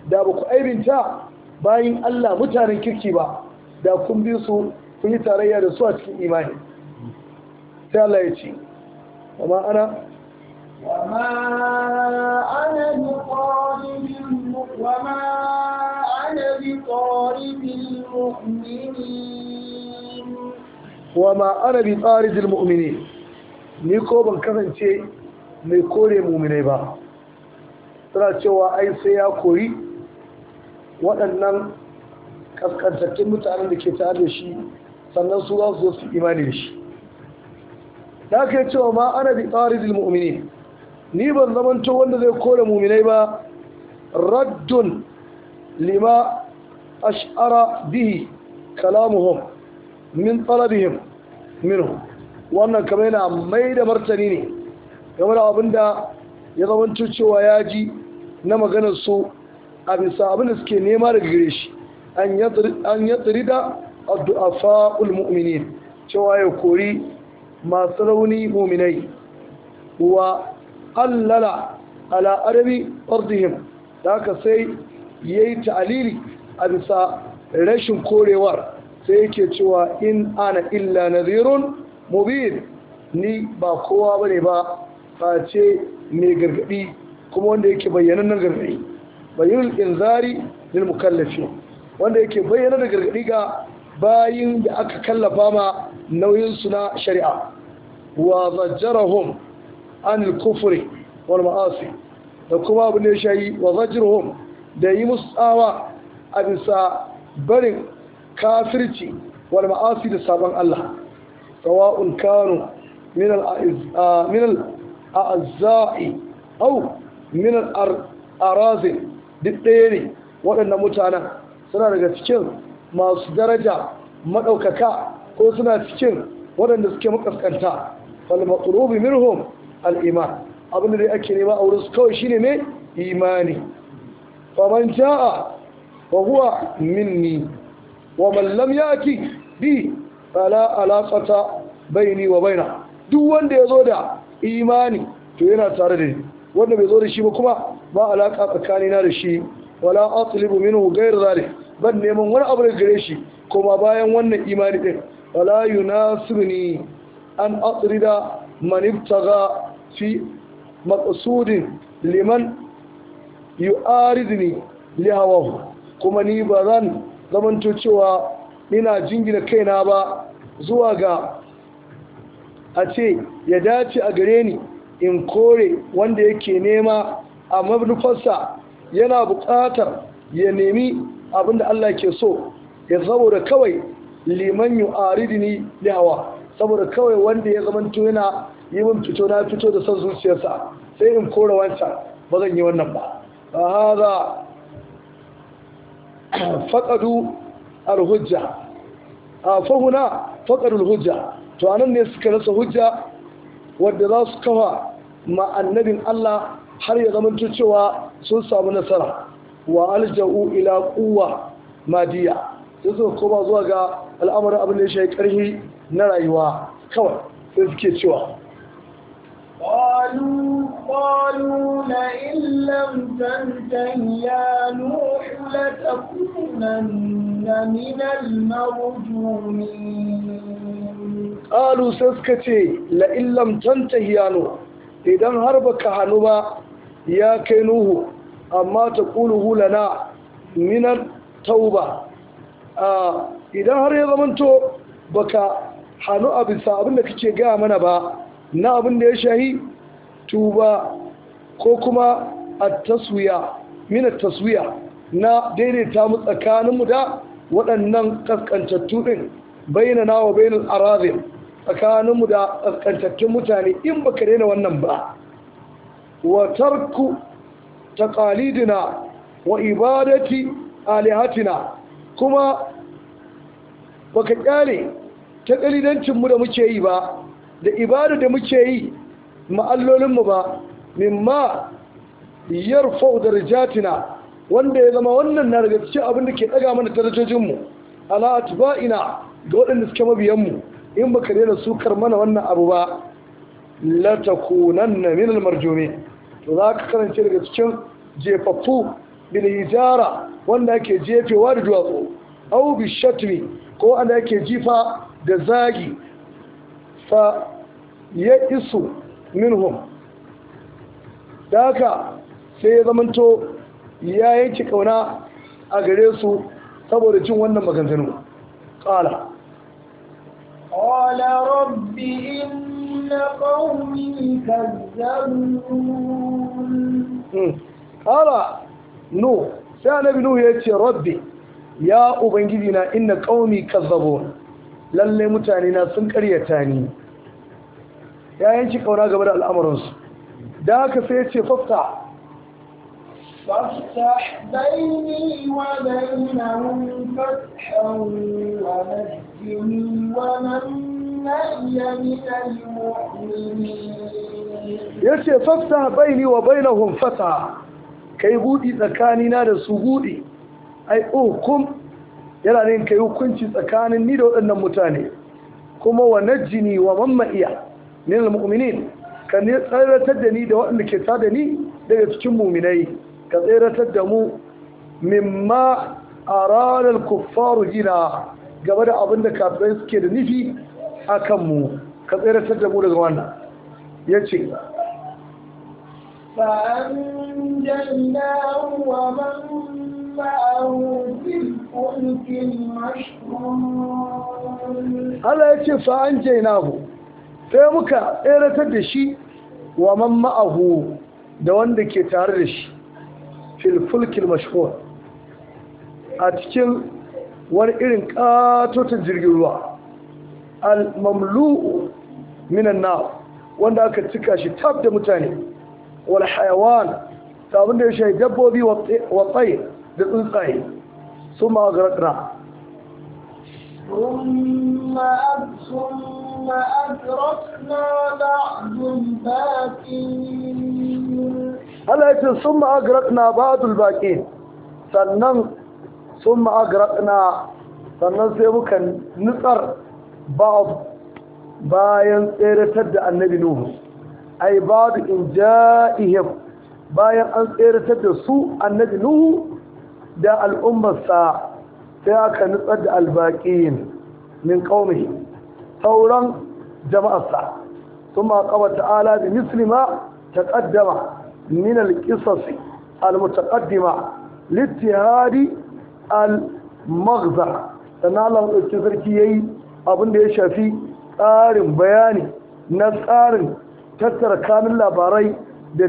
da ba ku aibinta bayin Allah mutanen kirki ba da kun bi su kun yi tarayya da su a cikin imani sai Allah ya ce amma ana وما أنا بطارد وما أنا بطارد المؤمنين وما أنا بطارد المؤمنين mai kore muminai ba suna cewa ai sai ya kori waɗannan kaskantattun mutanen da ke tare da shi sannan su za su zo su imani da shi da ke cewa ma ana bi tsarin mu'minin ni ban zamanto wanda zai kore muminai ba raddun lima ash'ara bihi kalamuhum min talabihim minhu wannan kamar yana mai da martani ne game da abinda ya zamanto cewa ya ji na maganar su a bisa da suke nema daga gare shi an ya tsirida a addu'afa ulmu'minin cewa ya kori masu rauni muminai wa allala ala arabi ardihim da sai yayi ta'alili a bisa rashin korewar sai yake cewa in ana illa nadhirun mubin ni ba kowa bane ba ce mai gargadi kuma wanda yake bayyanannen gargadi bayyinul inzari lil mukallafi wanda yake bayyana da gargadi ga bayin da aka kallafa ma nauyin su na shari'a wa zajjarahum anil Kufuri, wal da kuma abin da shayi wa da yi musu tsawa a bisa barin kafirci wal da sabon Allah sawa'un kano min al a'azza'i au min al arazin duk ɗaya ne waɗannan mutanen suna daga cikin masu daraja maɗaukaka ko suna cikin waɗanda suke makaskanta falmatsurubi minhum al'iman abin da ake nema a wurin kawai shine ne imani man ja'a ba huwa minni wa mallam yaki bi fala alaqata baini wa baina duk wanda ya zo da imani to yana tare da ni wanda bai zo da shi ba kuma ba alaka tsakanina da shi wala atlibu minhu ghayr zalik ban neman wani abu da gare shi kuma bayan wannan imani din wala yunasibni an atrida man ibtaga fi maqsudin liman yu'aridni li hawahu kuma ni ba zan zamanto cewa ina jingina kaina ba zuwa ga a ce ya dace a gare ni in kore wanda yake nema a manufarsa yana buƙatar ya nemi abinda Allah ke so ya saboda kawai liman yu'aridni li saboda kawai wanda ya zamanto yana yi mun fito na fito da son zuciyarsa sai in kora wancan ba zan yi wannan ba A haza faqadu al-hujja fa huna faqadu to anan ne suka rasa hujja wadda za su kafa ma Allah har ya zama cewa sun samu nasara wa alja'u ila kuwa madiya sai suka koma zuwa ga al'amarin abin da ya shi karhi na rayuwa kawai sai suke cewa قالوا قالوا لئن لم تنته يا نوح لتكونن من المرجومين قالوا سسكتي لئن لم تنته يا نوح إذا هربك هنوبا يا كنوه أما تقوله لنا من التوبة إذا هرب منتو بك hannu a bisa abin da kake gaya mana ba na abin da ya shahi tuba ko kuma a taswiya mina taswiya na daidaita mu tsakaninmu da waɗannan ƙasƙantattu ɗin bayyana na wa bayyana arazin tsakaninmu da ƙasƙantattun mutane in baka daina wannan ba wa tarku ƙalidina wa ibadati alihatina kuma baka ƙyale ta ƙalidancinmu da muke yi ba da ibada da muke yi ma'allolinmu ba mimma yarfau darajatina wanda ya zama wannan na daga cikin abin da ke daga mana darajojinmu ala atba'ina ga waɗanda suke mu, in baka daina sukar mana wannan abu ba la takunanna min almarjumi to za ka karance daga cikin jefaffu bil hijara wanda ake jefewa da duwatsu au bi shatmi ko wanda ake jifa da zagi fa ya isu minhum da haka sai ya zamanto ya yanki kauna a gare su saboda cin wannan maganganu ƙala ƙala rabbi inna ƙauni kazzabun ƙala hmm. no sai annabi nuhu ya ce rabbi ya ubangiji na inna ƙauni kazzabun lalle mutane na sun karyata ni ya yanki kauna game da al'amuransu da haka sai ce fafta فافتح بيني وبينهم فتحا ونجني ومن معي من المؤمنين yace fafta baini wa bainahum fata kai buɗi tsakanina da su buɗi ai uhkum yana ne kai hukunci tsakanin ni da waɗannan mutane kuma wa najini wa mamma'iya. ne min mu'minin ka ne tsayaratar da ni da waɗanda ke ta da ni daga cikin muminai ka tsayaratar da mu mimma ranar kuffaru gina Gaba da abin da kafin suke da nufi a kanmu ka tsayaratar da mu daga wannan ya ce ومن Allah ya ce fa'an jainahu sai muka tseratar da shi wa man ma'ahu da wanda ke tare da shi Filfulkin mashhur a cikin wani irin katotin jirgin ruwa al-mamlu'u minan na wanda aka cika shi tab da mutane wal hayawan ta abinda ya dabbobi wa tsaye da tsuntsaye sun ma garatna ثم أدركنا بعد الباقين هلا يقول ثم أغرقنا بعد الباقين sannan sun ma'agaratna sannan sai muka nutsar ba'ad bayan tseratar da annabi nuhu ai ba'ad in ja'ihim bayan an tseratar da su annabi nuhu da al'ummarsa sai aka nutsar da albaƙin min ƙaumi sauran jama'arsa ثم قال تعالى بمثل ما تقدم من القصص المتقدمة لاتهاد المغزى سنالا التزركي abin da ya shafi tsarin bayani na tsarin tattara kamin labarai da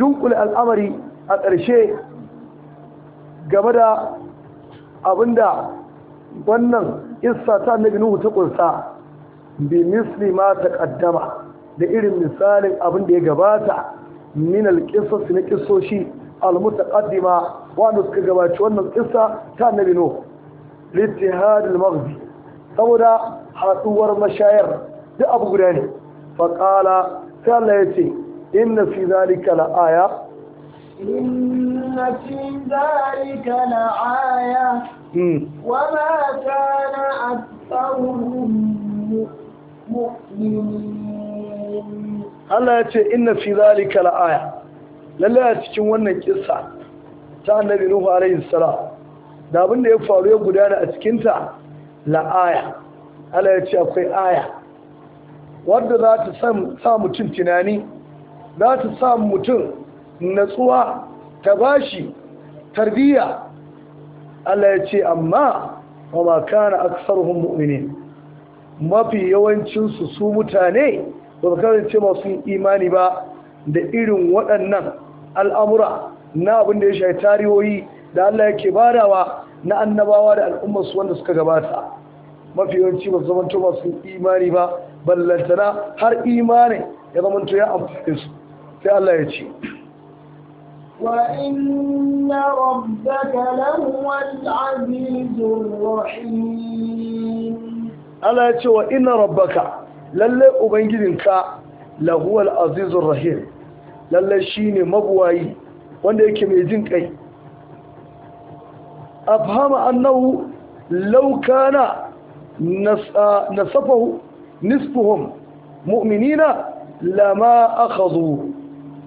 dunkul al-amari a ƙarshe game da abin da wannan isa ta nufi nuhu ta kunsa bi misli ma kaddama, da irin misalin abin da ya gabata min alqisas na almuta ƙaddima wanda suka gabaci wannan isa ta nufi nuhu hadin almaghzi saboda haɗuwar mashayar duk abu guda ne faƙala ta Allah yace inna fi zalika la'aya aya إن في ذلك لآية Allah ya ce inna fi zalika la'aya lalle a cikin wannan kissa ta annabi Nuhu alaihi salam da abin da ya faru ya gudana a cikin ta la'aya Allah ya ce akwai aya wadda za ta sa mutum tunani za ta sa mutum natsuwa ta bashi tarbiyya Allah ya ce amma wa ma kana aksaruhum mu'minin mafi yawancinsu su mutane ba ce masu imani ba da irin waɗannan al'amura na abin da ya shafi tarihoyi da Allah yake badawa na annabawa da al'ummarsu wanda suka gabata mafi yawanci ba zamanto masu imani ba ballantana har imanin ya zamanto ya amfani su sai Allah ya ce وإن ربك لهو العزيز الرحيم Allah ya ce wa ina rabbaka lallai ubangijinka lahuwal azizur rahim lallai shine mabuwayi wanda yake mai jin kai afhama annahu law kana ah, nasafahu nisfuhum mu'minina lama aka zo.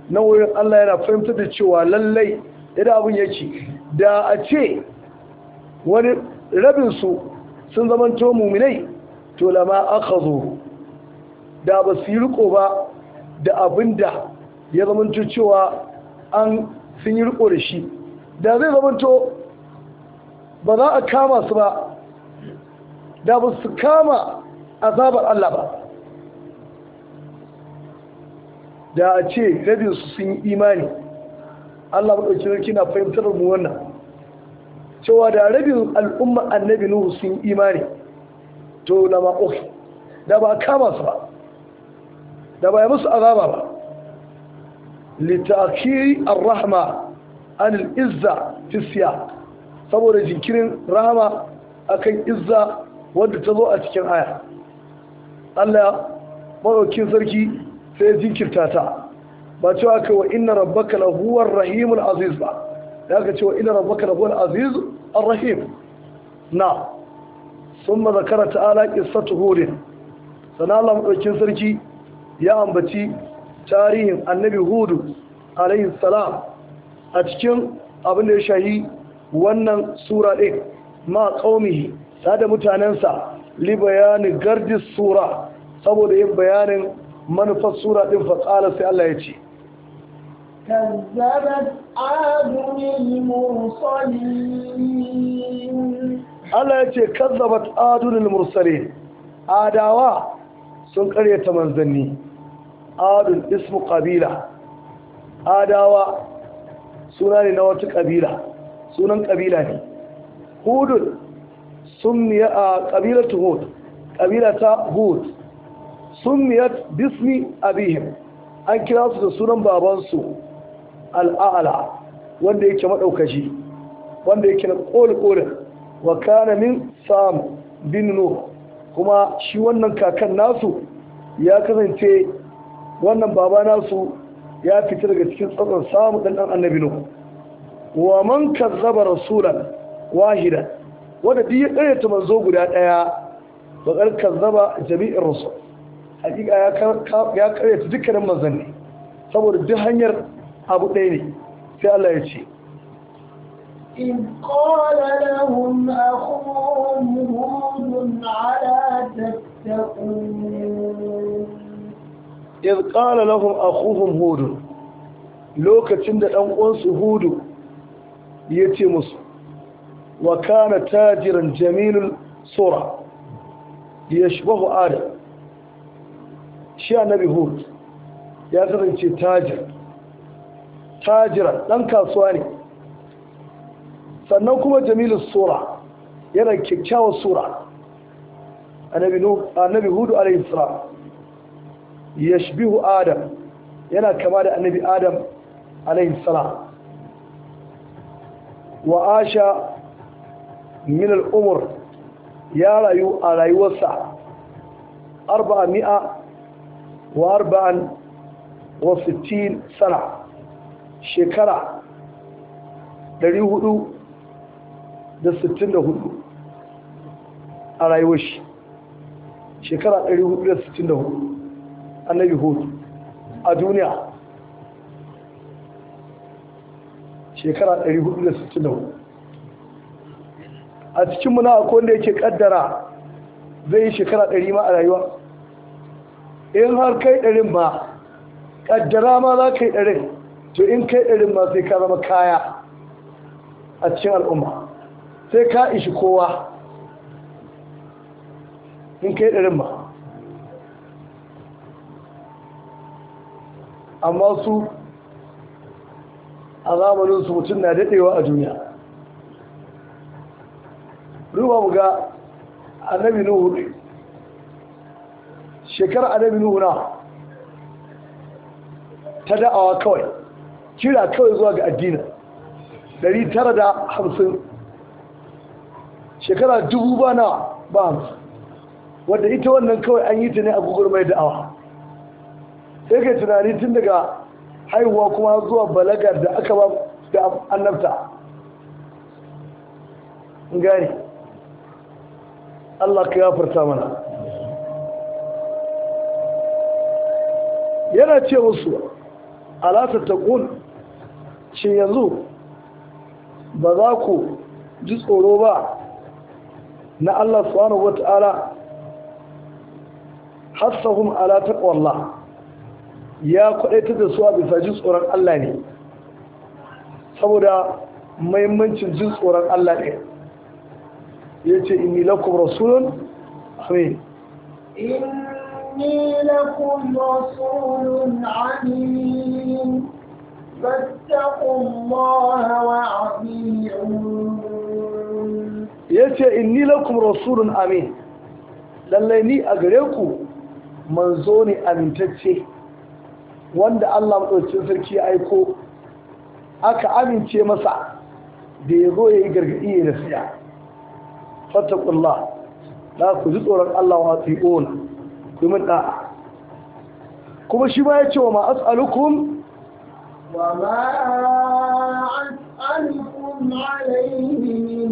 nan wurin Allah yana fahimtar da cewa lallai idan abin ya yake da a ce wani rabinsu sun zamanto muminai to lama aka zo da ba su yi riko ba da abin da ya zamanto cewa an sun yi riko da shi da zai zamanto ba za a kama su ba da ba su kama azabar Allah ba da a ce rabinsu sun yi imani Allah maɗauki sarki na fahimtar mu wannan cewa da rabin al'umma annabi nuhu sun yi imani to na maƙofi da ba kama su ba da ba ya musu azaba ba litakiri ar-rahma an izza fi saboda jinkirin rahama akan izza wadda ta zo a cikin aya Allah maɗaukin sarki sai jinkirta ta ba cewa ka wa inna rabbaka la rahimul aziz ba da ka ce wa inna rabbaka la aziz an rahim na sun thumma zakara alaƙin qissatu hudu sana Allah maɗaukin sarki ya ambaci tarihin annabi hudu alayhi salam a cikin abin da ya shahi wannan sura ɗin ma qaumihi da mutanensa li bayani gardis sura saboda yin bayanin manufar sura din faƙala sai Allah ya ce kazzabat adunil mursalin Allah ya ce kazzabat adunin mursalin adawa sun karyata manzanni adun ismu qabila adawa suna ne na wata kabila sunan kabila ne hudun sun miya a kabilar hud kabila ta hud summiyat bismi abihim an kira su da sunan babansu al'ala wanda yake maɗaukaci wanda yake na ƙolƙolin wa kana sam bin nuh kuma shi wannan kakan nasu ya kasance wannan baba nasu ya fita daga cikin tsatsan samu ɗan ɗan annabi nuh wa man kazzaba rasulan wahidan wanda duk ya ƙaryata manzo guda ɗaya ba kazzaba jami'in rasul hakika ya karyata dukkanin ne, saboda duk hanyar abu ɗaya ne sai Allah ya ce in kola لهم أخوهم هود على تتقون إذ قال لهم hudun, lokacin da ɗan uwansu hudu ya ce musu wa kana tajiran jamilin sura ya shabahu adam shi annabi hud ya kasance tajir tajira dan kasuwa ne sannan kuma jamilu sura yana kyakkyawar sura annabi hudu alayhi salam yashbihu adam yana kama da annabi adam alayhi salam wa asha min al ya rayu a rayuwarsa arba'a mi'a وأربعا وستين سنة شكرا دريهدو da 64 a rayuwar shi shekara 464 annabi hudu a duniya shekara 464 a cikin muna akwai wanda yake kaddara zai yi shekara 100 ma a rayuwa in har kai ɗarin ba ƙaddara ma za ka yi ɗarin to in kai ɗarin ma sai ka zama kaya a cikin al'umma sai ka ishi kowa in kai ɗarin ba amma su a zamaninsu mutum na daɗewa a duniya duba buga ga annabi nuhu Shekarar annabi nuna ta da'awa kawai kira kawai zuwa ga addini 950 shekara dubu ba na ba hamsin wadda ita wannan kawai an yi ta ne a mai da'awa sai ka tunani tun daga haihuwa kuma zuwa balagar da aka ba da annabta gani Allah ka yafarta mana yana ce musu alatar taƙun ce yanzu ba za ku ji tsoro ba na Allah subhanahu wata'ala hassahum ala ƙwallah ya kwaɗaita da su a bisa jin tsoron Allah ne saboda mahimmancin jin tsoron Allah ne ya ce inni rasulun amin إني لكم رسول عمين فاتقوا الله وأطيعون يتي إني لكم رسول أمين lallai ni a gare ku manzo ne amintacce wanda Allah maɗauki sarki ya aiko aka amince masa da ya zo ya yi gargaɗi ya nasiya fattakullah za ku ji tsoron Allah wa tsi'ona domin ɗa'a kuma shi ma ya ce wa ma'as alukum wa aji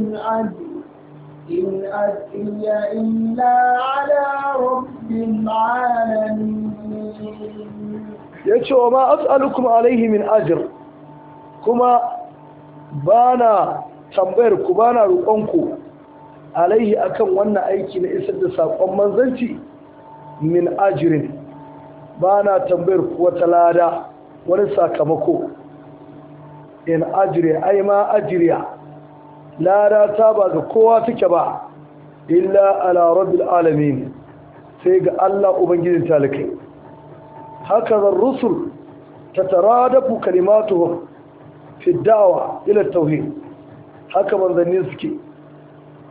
in ajiya illa ala rabbin ya ce wa ma'as alukum alaihi min ajir kuma ba na tambayar ku ba na roƙonku alaihi akan wannan aiki na isar da saƙon manzanci min ajirin ba na tambayar ku wata lada wani sakamako in ajire ai ma ajiriya lada ta ba ga kowa take ba illa ala rabbil alamin sai ga Allah ubangijin talikai haka zan rusul ta tara da ku kalimatu fi da'awa ila tauhid haka manzanni suke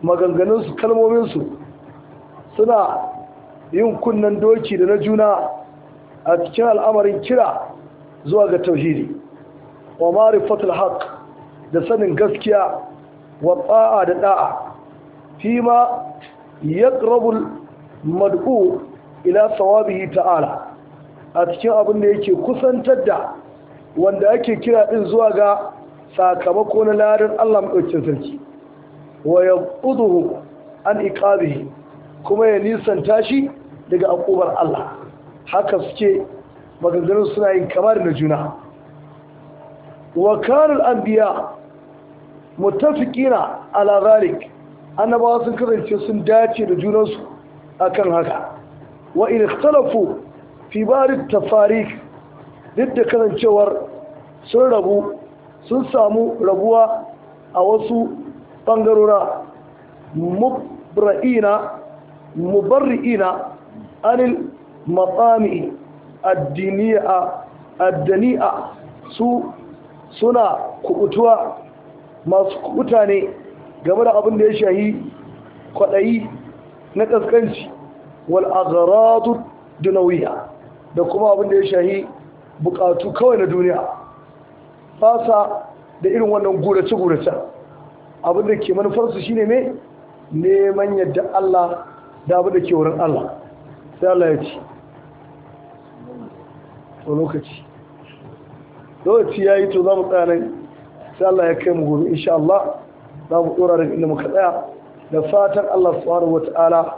maganganunsu kalmominsu suna yin kunnen doki da na juna a cikin al'amarin kira zuwa ga tauhidi wa marifatul haq da sanin gaskiya wa ta'a da da'a fi ma yaqrabul mad'u ila sawabihi ta'ala a cikin abin da yake kusantar da wanda ake kira din zuwa ga sakamako na larin Allah madaukakin sarki wa yaquduhu an iqabihi kuma ya nisan tashi daga akubar Allah haka suke maganganun suna yin kamar na juna wa kanul anbiya muttafiqina ala zalik annabawa sun kasance sun dace da junansu akan haka wa in talafu fi barit tafarik duk da kasancewar sun rabu sun samu rabuwa a wasu bangarora mubra'ina mubarri'ina anil matsami addani'a su suna kubutuwa masu kubuta ne game da abin da ya shahi kwaɗayi na ƙasƙanci wal agharatu dunawiya da kuma abin da ya shahi bukatu kawai na duniya fasa da irin wannan gurace-gurace abin da ke manufarsu shine mai neman yadda Allah da abu da ke wurin Allah sai Allah ya ci to lokaci lokaci ya yi to za mu tsaya nan sai Allah ya kai mu gobe insha Allah za mu dora daga inda muka tsaya da fatan Allah subhanahu wata'ala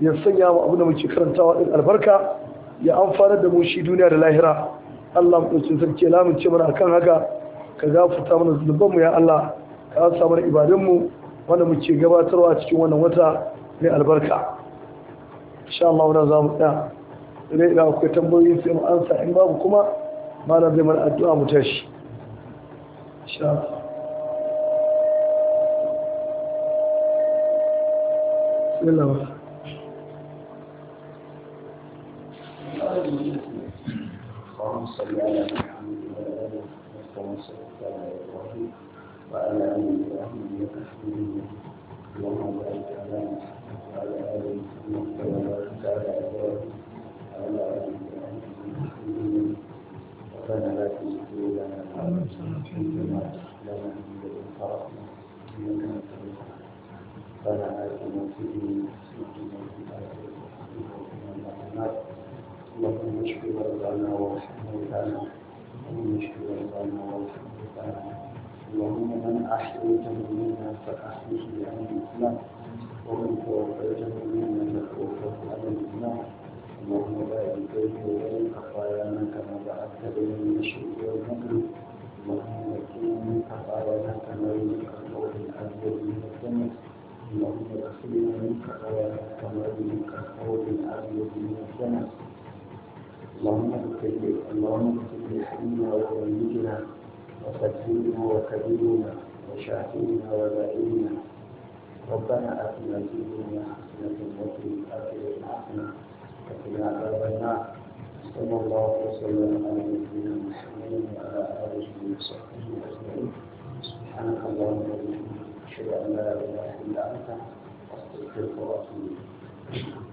ya sanya mu abu da muke karantawa din albarka ya amfana da mu shi duniya da lahira Allah mu dauki sarki la ce mana akan haka ka gafarta mana mu ya Allah ka samu mana mu, wanda muke gabatarwa cikin wannan wata mai albarka insha Allah wannan za mu tsaya idan ina akwai tambayoyi sai mu ansa in babu kuma malam zai mana addu'a mu tashi insha Allah bismillah اللهم صل على محمد وعلى آله وصحبه وسلم على إبراهيم وعلى آل إبراهيم إنك حميد مجيد اللهم بارك على محمد اللهم من أحييته منا فأحيه عن الإسلام ومنك فيجعلنا نخوفك على النار اللهم بارك بين وبين خطايانا كما بعدت بين المشرق والمغرب اللهم نجنا من خطايانا كما يملك الحوض الابيض من الدنس اللهم اغسلنا من خطايانا كما يملك الحوض الابيض من الدنس اللهم اغفر اللهم اغفر لحينا وميتنا وكبيرنا وشاهدنا وبائنا ربنا آتنا في الدنيا حسنة وفي الآخرة حسنة وقنا عذاب النار صلى الله وسلم على نبينا محمد وعلى آله وصحبه أجمعين سبحانك اللهم وبحمدك أشهد أن لا إله إلا أنت أستغفرك وأتوب إليك